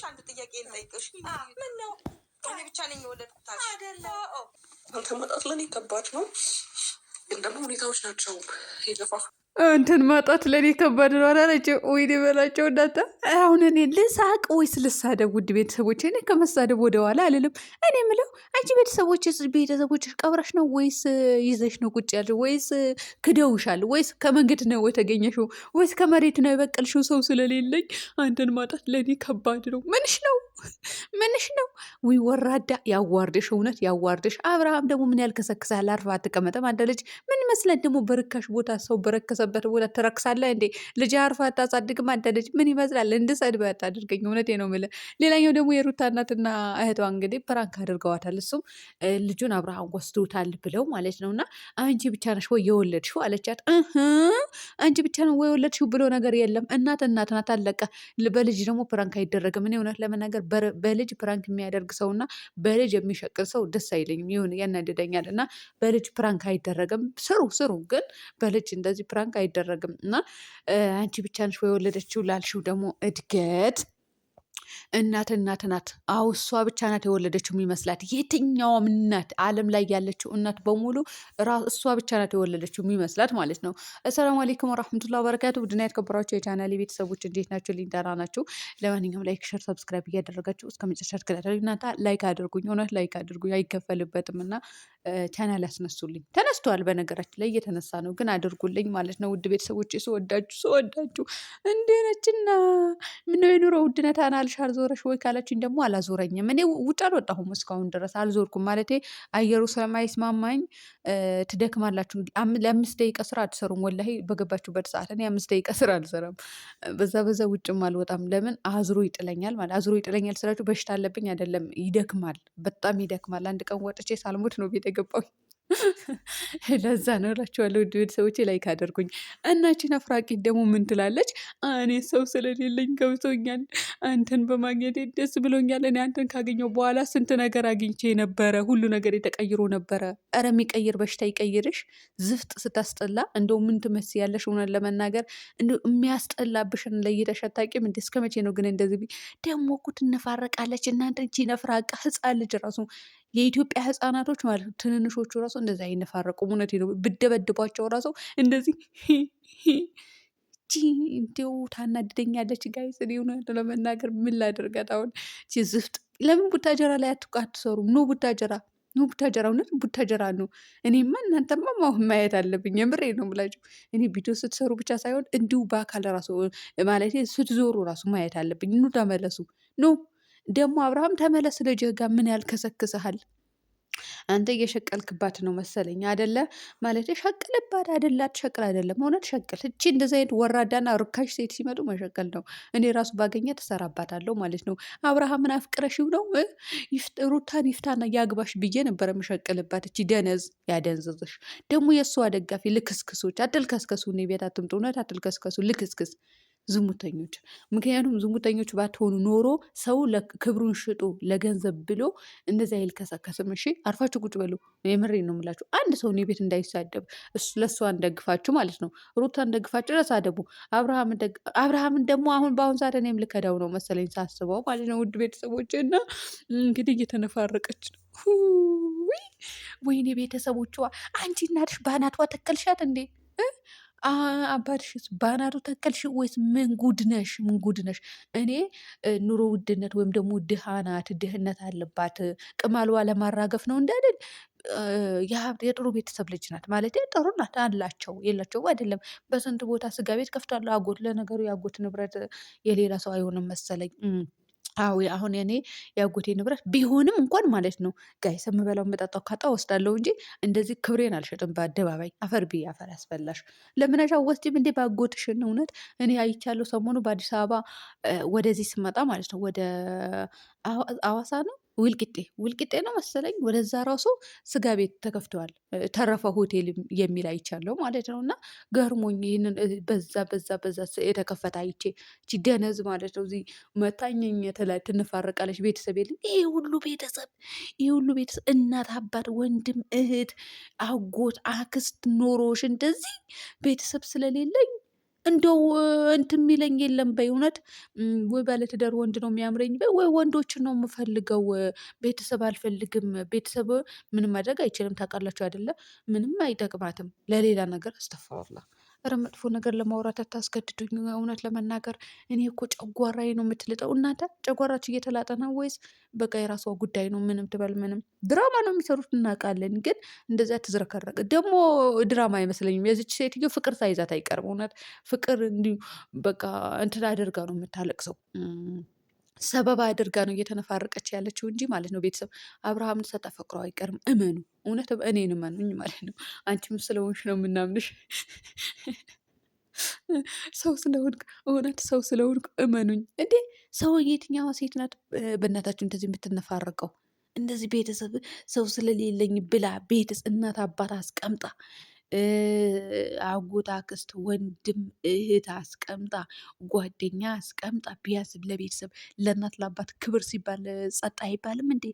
ልጠይቅሽ አንድ ጥያቄ ልጠይቅሽ። ምን ነው እኔ ብቻ ነኝ አደለ? አንተ መጣት አልተመጣጥለን ከባድ ነው፣ ግን ደግሞ ሁኔታዎች ናቸው የገፋፉ እንትን ማጣት ለእኔ ከባድ ነው አላለችም። ወይኔ በላቸው እናንተ። አሁን እኔ ልሳቅ ወይስ ልሳደብ? ውድ ቤተሰቦች፣ እኔ ከመሳደብ ወደኋላ አልልም። እኔ ምለው አንቺ ቤተሰቦች ቤተሰቦች ቀብረሽ ነው ወይስ ይዘሽ ነው ቁጭ ያለ ወይስ ክደውሻል ወይስ ከመንገድ ነው የተገኘሽው ወይስ ከመሬት ነው የበቀልሽው? ሰው ስለሌለኝ አንተን ማጣት ለእኔ ከባድ ነው ምንሽ ነው ምንሽ ነው? ዊ ወራዳ ያዋርድሽ፣ እውነት ያዋርድሽ። አብርሃም ደግሞ ምን ያልከሰክሳል? አርፋ አትቀመጥም አንተ ልጅ። ምን መስለን ደግሞ በርካሽ ቦታ ሰው በረከሰበት ቦታ ትረክሳለህ እንዴ? ልጅ አርፋ አታሳድግም አንተ ልጅ። ምን ይመስላል? እንድሰድብ አታድርገኝ። እውነቴ ነው የምልህ። ሌላኛው ደግሞ የሩታ እናትና እህቷ እንግዲህ ፕራንክ አድርገዋታል። እሱም ልጁን አብርሃም ወስዶታል ብለው ማለት ነው። እና አንቺ ብቻ ነሽ ወይ የወለድሽው አለቻት። አንቺ ብቻ ነው ወይ የወለድሽው ብሎ ነገር የለም። እናት እናት ናት፣ አለቀ። በልጅ ደግሞ ፕራንክ አይደረግም። እኔ እውነት ለመናገር በልጅ ፕራንክ የሚያደርግ ሰው እና በልጅ የሚሸቅል ሰው ደስ አይለኝም። ይሁን ያናደደኛል። እና በልጅ ፕራንክ አይደረግም። ስሩ ስሩ፣ ግን በልጅ እንደዚህ ፕራንክ አይደረግም። እና አንቺ ብቻ ነሽ ወይ ወለደችው ላልሽው ደግሞ እድገት እናት እናት ናት። አዎ እሷ ብቻ ናት የወለደችው የሚመስላት የትኛውም እናት ዓለም ላይ ያለችው እናት በሙሉ እሷ ብቻ ናት የወለደችው የሚመስላት ማለት ነው። አሰላሙ አሌይኩም ወራህመቱላ በረካቱ ቡድና የተከበራችሁ የቻናል ቤተሰቦች እንዴት ናቸው? ሊንዳራ ናቸው። ለማንኛውም ላይክ፣ ሸር፣ ሰብስክራይብ እያደረጋችሁ እስከ መጨረሻ ድረስ እናንተ ላይክ አድርጉኝ። እውነት ላይክ አድርጉኝ አይከፈልበትም እና ቻናል ያስነሱልኝ። ተነስተዋል፣ በነገራችን ላይ እየተነሳ ነው፣ ግን አድርጉልኝ ማለት ነው። ውድ ቤተሰቦች ስወዳችሁ ስወዳችሁ እንዴት ነችና ምነው የኑሮ ውድነት አናልሽ አልዞረሽ ወይ ካላችኝ ደግሞ አላዞረኝም። እኔ ውጭ አልወጣሁም እስካሁን ድረስ አልዞርኩም። ማለት አየሩ ስለማይስማማኝ ትደክማላችሁ። ለአምስት ደቂቃ ስራ አትሰሩም። ወላሂ በገባችሁበት ሰዓት እኔ አምስት ደቂቃ ስራ አልሰራም። በዛ በዛ ውጭም አልወጣም። ለምን አዝሮ ይጥለኛል ማለት አዝሮ ይጥለኛል ስላችሁ በሽታ አለብኝ አይደለም፣ ይደክማል፣ በጣም ይደክማል። አንድ ቀን ወጥቼ ሳልሞት ነው ቤተ የገባው ለዛ ነው እላችኋለሁ። ውድ ሰዎች ላይ ካደርጉኝ እናችን አፍራቂ ደግሞ ምን ትላለች? እኔ ሰው ስለሌለኝ ገብቶኛል። አንተን በማግኘት ደስ ብሎኛል። እኔ አንተን ካገኘው በኋላ ስንት ነገር አግኝቼ ነበረ። ሁሉ ነገር የተቀይሮ ነበረ። ኧረ የሚቀይር በሽታ ይቀይርሽ። ዝፍጥ ስታስጠላ እንደው ምን ትመስ ያለሽ እውነት ለመናገር እንደ የሚያስጠላብሽን ለይተሽ አታውቂም እንደ እስከ መቼ ነው ግን እንደዚህ ደግሞ እኮ ትነፋረቃለች። እናንተ እቺ ነፍራቃ ህፃን ልጅ ራሱ የኢትዮጵያ ህፃናቶች ማለት ነው ትንንሾቹ ራሱ እንደዚህ አይነፋረቁም። እውነቴ ነው። ብደበድቧቸው ራሱ እንደዚህ እንዲው ታናድደኛለች። ጋይስ እኔ ለመናገር ምን ላደርጋት አሁን ዝፍጥ። ለምን ቡታጀራ ላይ አትሰሩም? ኖ ቡታጀራ ኑ ቡታጀራ እውነት ቡታጀራ ነው። እኔማ እናንተማ ማሁን ማየት አለብኝ። የምሬ ነው የምላችሁ። እኔ ቪዲዮ ስትሰሩ ብቻ ሳይሆን እንዲሁ በአካል ራሱ ማለት ስትዞሩ ራሱ ማየት አለብኝ። ኑ ተመለሱ ኑ ደግሞ አብርሃም ተመለስ ልጅህ ጋር ምን ያልከሰክሰሃል? አንተ እየሸቀልክባት ነው መሰለኝ አደለ? ማለት ሸቅልባት አደለ? አትሸቅል አይደለም እውነት ሸቅል። እቺ እንደዚ አይነት ወራዳና ርካሽ ሴት ሲመጡ መሸቀል ነው። እኔ ራሱ ባገኘ ተሰራባታለሁ ማለት ነው። አብርሃምን አፍቅረሽው ነው ሩታን ይፍታና ያግባሽ ብዬ ነበረ መሸቅልባት። እቺ ደነዝ ያደንዝዝሽ። ደግሞ የእሷ ደጋፊ ልክስክሶች፣ አትልከስከሱ፣ እኔ ቤት አትምጡ። እውነት አትልከስከሱ፣ ልክስክስ ዝሙተኞች። ምክንያቱም ዝሙተኞች ባትሆኑ ኖሮ ሰው ክብሩን ሽጦ ለገንዘብ ብሎ እንደዚ አይልከሰከስም። እሺ አርፋችሁ ቁጭ በሉ። የምሬ ነው የምላችሁ። አንድ ሰው እኔ ቤት እንዳይሳደብ ለእሷ እንደግፋችሁ ማለት ነው። ሩታ እንደግፋችሁ ተሳደቡ። አብርሃምን ደግሞ አሁን በአሁን ሰዓት እኔም ልከዳው ነው መሰለኝ ሳስበው ማለት ነው። ውድ ቤተሰቦች እና እንግዲህ እየተነፋረቀች ነው። ወይኔ ቤተሰቦቿ፣ አንቺ እናትሽ ባናቷ ተከልሻት እንዴ? አባትሽስ ባናቱ ተከልሽ ወይስ ምን ጉድ ነሽ? ምን ጉድ ነሽ? እኔ ኑሮ ውድነት ወይም ደግሞ ድሃ ናት፣ ድህነት አለባት፣ ቅማልዋ ለማራገፍ ነው እንዳልል የጥሩ ቤተሰብ ልጅ ናት ማለት ጥሩ ናት። አላቸው የላቸው አይደለም። በስንት ቦታ ስጋ ቤት ከፍታለሁ። አጎት ለነገሩ የአጎት ንብረት የሌላ ሰው አይሆንም መሰለኝ። አዎ አሁን የኔ የአጎቴ ንብረት ቢሆንም እንኳን ማለት ነው ጋይ የምበላው የምጠጣው ካጣ ወስዳለሁ እንጂ እንደዚህ ክብሬን አልሸጥም። በአደባባይ አፈር ብዬ አፈር ያስፈላሽ ለምናሻ ወስድም እንዴ በአጎትሽን? እውነት እኔ አይቻለሁ ሰሞኑ በአዲስ አበባ ወደዚህ ስመጣ ማለት ነው ወደ አዋሳ ነው ውልቅጤ ውልቅጤ ነው መሰለኝ። ወደዛ ራሱ ስጋ ቤት ተከፍተዋል። ተረፈ ሆቴል የሚል አይቻለው ማለት ነው። እና ገርሞኝ ይህንን በዛ በዛ በዛ የተከፈተ አይቼ ቺ ደነዝ ማለት ነው እዚህ መታኘኝ የተለያዩ ትንፋረቃለች። ቤተሰብ የለ ይህ ሁሉ ቤተሰብ ይህ ሁሉ ቤተሰብ እናት፣ አባት፣ ወንድም፣ እህት፣ አጎት፣ አክስት ኖሮሽ እንደዚህ ቤተሰብ ስለሌለኝ እንደው እንትን የሚለኝ የለም በይ እውነት ወይ ባለትዳር ወንድ ነው የሚያምረኝ በይ ወይ ወንዶችን ነው የምፈልገው። ቤተሰብ አልፈልግም። ቤተሰብ ምንም ማድረግ አይችልም ታውቃላችሁ አይደለ? ምንም አይጠቅማትም ለሌላ ነገር አስተፋላ ኧረ መጥፎ ነገር ለማውራት አታስገድዱኝ። እውነት ለመናገር እኔ እኮ ጨጓራዬ ነው የምትልጠው። እናንተ ጨጓራችሁ እየተላጠ ነው ወይስ በቃ የራሷ ጉዳይ ነው? ምንም ትበል ምንም ድራማ ነው የሚሰሩት እናውቃለን። ግን እንደዚያ ትዝረከረቅ ደግሞ ድራማ አይመስለኝም። የዚች ሴትዮ ፍቅር ሳይዛት አይቀርም። እውነት ፍቅር እንዲሁ በቃ እንትን አድርጋ ነው የምታለቅሰው። ሰበብ አድርጋ ነው እየተነፋረቀች ያለችው እንጂ ማለት ነው። ቤተሰብ አብርሃም ተጠፈቅሮ አይቀርም። እመኑ፣ እውነት እኔን እመኑኝ ማለት ነው። አንቺም ስለሆንሽ ነው የምናምንሽ። ሰው ስለሆንክ እውነት ሰው ስለሆንክ እመኑኝ። እንዴ ሰው የትኛዋ ሴት ናት በእናታችን እንደዚህ የምትነፋረቀው? እንደዚህ ቤተሰብ ሰው ስለሌለኝ ብላ ቤተስ እናት አባት አስቀምጣ አጎት፣ አክስት፣ ወንድም፣ እህት አስቀምጣ ጓደኛ አስቀምጣ ቢያስ ለቤተሰብ ለእናት ለአባት ክብር ሲባል ጸጥ አይባልም እንዴ?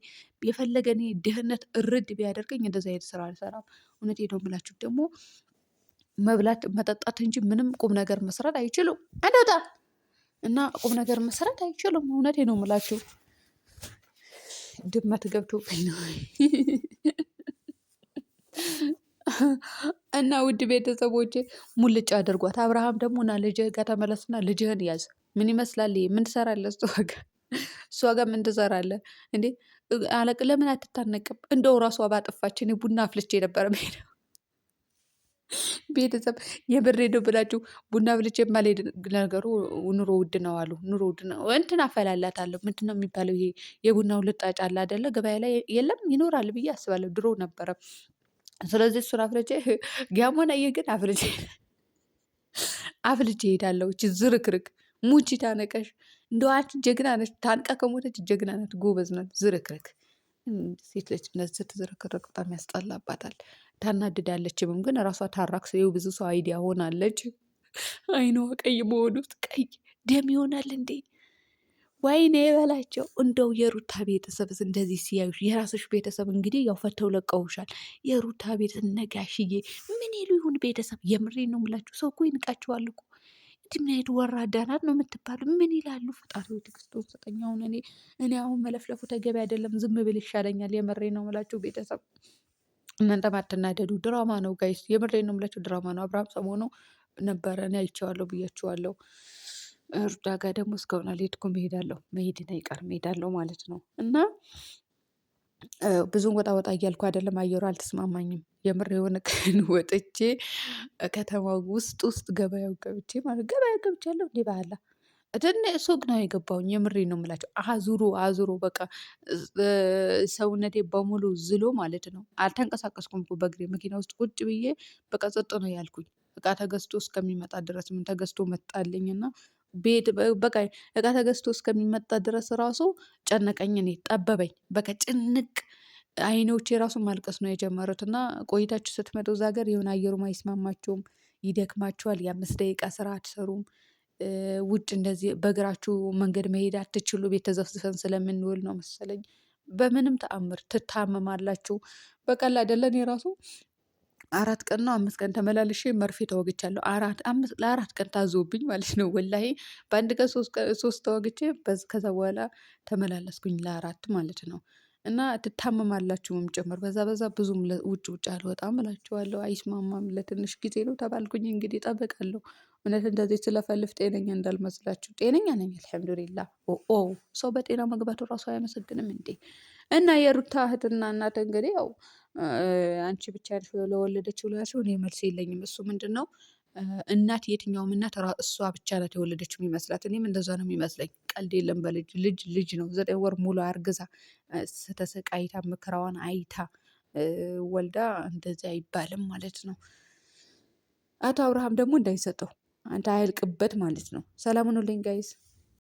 የፈለገ እኔ ድህነት እርድ ቢያደርገኝ እንደዚ አይነት ስራ አልሰራም። እውነት ነው ምላችሁ ደግሞ መብላት መጠጣት እንጂ ምንም ቁም ነገር መስራት አይችሉም። እንደታ እና ቁም ነገር መስራት አይችሉም። እውነት ነው የምላችሁ። ድመት ገብቶብኝ ነው። እና ውድ ቤተሰቦች ሙልጭ አድርጓት። አብርሃም ደግሞ ና ልጅህ ጋር ተመለስና ልጅህን ያዝ። ምን ይመስላል? ምን ትሰራለህ? እሷ ጋር እሷ ጋር ምን ትሰራለህ እንዴ? አለቅ ለምን አትታነቅም? እንደው ራሷ ባጠፋች እኔ ቡና አፍልቼ ነበረ ሄደው ቤተሰብ የብር ነው ብላችሁ ቡና ብልጭ የማልሄድ ነገሩ ኑሮ ውድ ነው አሉ። ኑሮ ውድ ነው እንትን አፈላላታለሁ። ምንድን ነው የሚባለው? ይሄ የቡናው ልጣጭ አለ አይደለ? ገበያ ላይ የለም ይኖራል ብዬ አስባለሁ። ድሮ ነበረ። ስለዚህ እሱን አፍልቼ ጋሞን አየ ግን አፍልቼ አፍልጄ እሄዳለሁ። እች ዝርክርክ ሙቺ ታነቀሽ እንደዋት ጀግና ነች። ታንቃ ከሞተች ጀግና ነች፣ ጎበዝ ናት። ዝርክርክ ሴት ልጅ እንደዚህ ስትዝርክርክ በጣም ያስጠላባታል፣ ታናድዳለችም። ግን ራሷ ታራክ ሰው ብዙ ሰው አይዲያ ሆናለች። አይነዋ ቀይ መሆኑት ቀይ ደም ይሆናል እንዴ? ወይኔ በላቸው። እንደው የሩታ ቤተሰብስ እንደዚህ ሲያዩሽ፣ የራስሽ ቤተሰብ እንግዲህ ያው ፈተው ለቀውሻል። የሩታ ቤት ነጋሽዬ ምን ይሉ ይሁን ቤተሰብ? የምሬ ነው ምላችሁ። ሰው እኮ ይንቃችኋል እኮ ድምናየት ወራዳ ናት ነው የምትባሉ። ምን ይላሉ? ፈጣሪ ትዕግስቱን ስጠኝ። አሁን እኔ እኔ አሁን መለፍለፉ ተገቢ አይደለም፣ ዝም ብል ይሻለኛል። የምሬ ነው ምላችሁ ቤተሰብ እናንተ ማትናደዱ። ድራማ ነው ጋይስ፣ የምሬ ነው የምላችሁ ድራማ ነው። አብርሃም ሰሞኑ ነበረ እኔ አይቼዋለሁ ብያችኋለሁ። እርዳ ጋር ደግሞ እስካሁን አልሄድኩም። እሄዳለሁ፣ መሄድን አይቀርም እሄዳለሁ ማለት ነው እና ብዙም ወጣ ወጣ እያልኩ አይደለም፣ አየሩ አልተስማማኝም። የምር የሆነ ቀን ወጥቼ ከተማ ውስጥ ውስጥ ገበያው ገብቼ ማለት ገበያ ገብቼ ያለው እንዲ ባህላ ደን ሱቅ ነው የገባውኝ። የምሬ ነው የምላቸው። አዙሮ አዙሮ በቃ ሰውነቴ በሙሉ ዝሎ ማለት ነው። አልተንቀሳቀስኩም እኮ በእግሬ መኪና ውስጥ ቁጭ ብዬ በቃ ጸጥ ነው ያልኩኝ። እቃ ተገዝቶ እስከሚመጣ ድረስ ምን ተገዝቶ እና ቤት በቃ እቃ ተገዝቶ እስከሚመጣ ድረስ ራሱ ጨነቀኝ። እኔ ጠበበኝ። በቃ ጭንቅ አይኖች የራሱ ማልቀስ ነው የጀመሩት። እና ቆይታችሁ ስትመጡ እዛ ሀገር የሆነ አየሩም አይስማማችሁም፣ ይደክማችኋል። የአምስት ደቂቃ ስራ አትሰሩም። ውጭ እንደዚህ በእግራችሁ መንገድ መሄድ አትችሉ። ቤት ተዘፍዝፈን ስለምንውል ነው መሰለኝ። በምንም ተአምር ትታመማላችሁ። በቀላ አይደለን የራሱ አራት ቀን ነው አምስት ቀን ተመላልሼ መርፌ ተወግቻለሁ። ለአራት ቀን ታዞብኝ ማለት ነው። ወላሂ በአንድ ቀን ሶስት ተወግቼ ከዛ በኋላ ተመላለስኩኝ ለአራት ማለት ነው። እና ትታመማላችሁም ጭምር በዛ በዛ ብዙም ውጭ ውጭ አልወጣም እላችኋለሁ። አይስማማም ለትንሽ ጊዜ ነው ተባልኩኝ። እንግዲህ ጠበቃለሁ። እውነት እንደዚህ ስለፈልፍ ጤነኛ እንዳልመስላችሁ ጤነኛ ነኝ። አልሐምዱሊላ ኦ ሰው በጤና መግባቱ ራሱ አያመሰግንም እንዴ? እና የሩታ እህትና እናት እንግዲህ ያው አንቺ ብቻ ለወለደችው ላቸው እኔ መልስ የለኝም። እሱ ምንድን ነው እናት የትኛውም እናት እሷ ብቻ ናት የወለደችው የሚመስላት። እኔም እንደዛ ነው የሚመስለኝ። ቀልድ የለም። በልጅ ልጅ ልጅ ነው። ዘጠኝ ወር ሙሉ አርግዛ ስተሰቃይታ ምክራዋን አይታ ወልዳ እንደዚህ አይባልም ማለት ነው። አቶ አብርሃም ደግሞ እንዳይሰጠው አንተ አያልቅበት ማለት ነው። ሰላሙን ሁኑልኝ ጋይስ።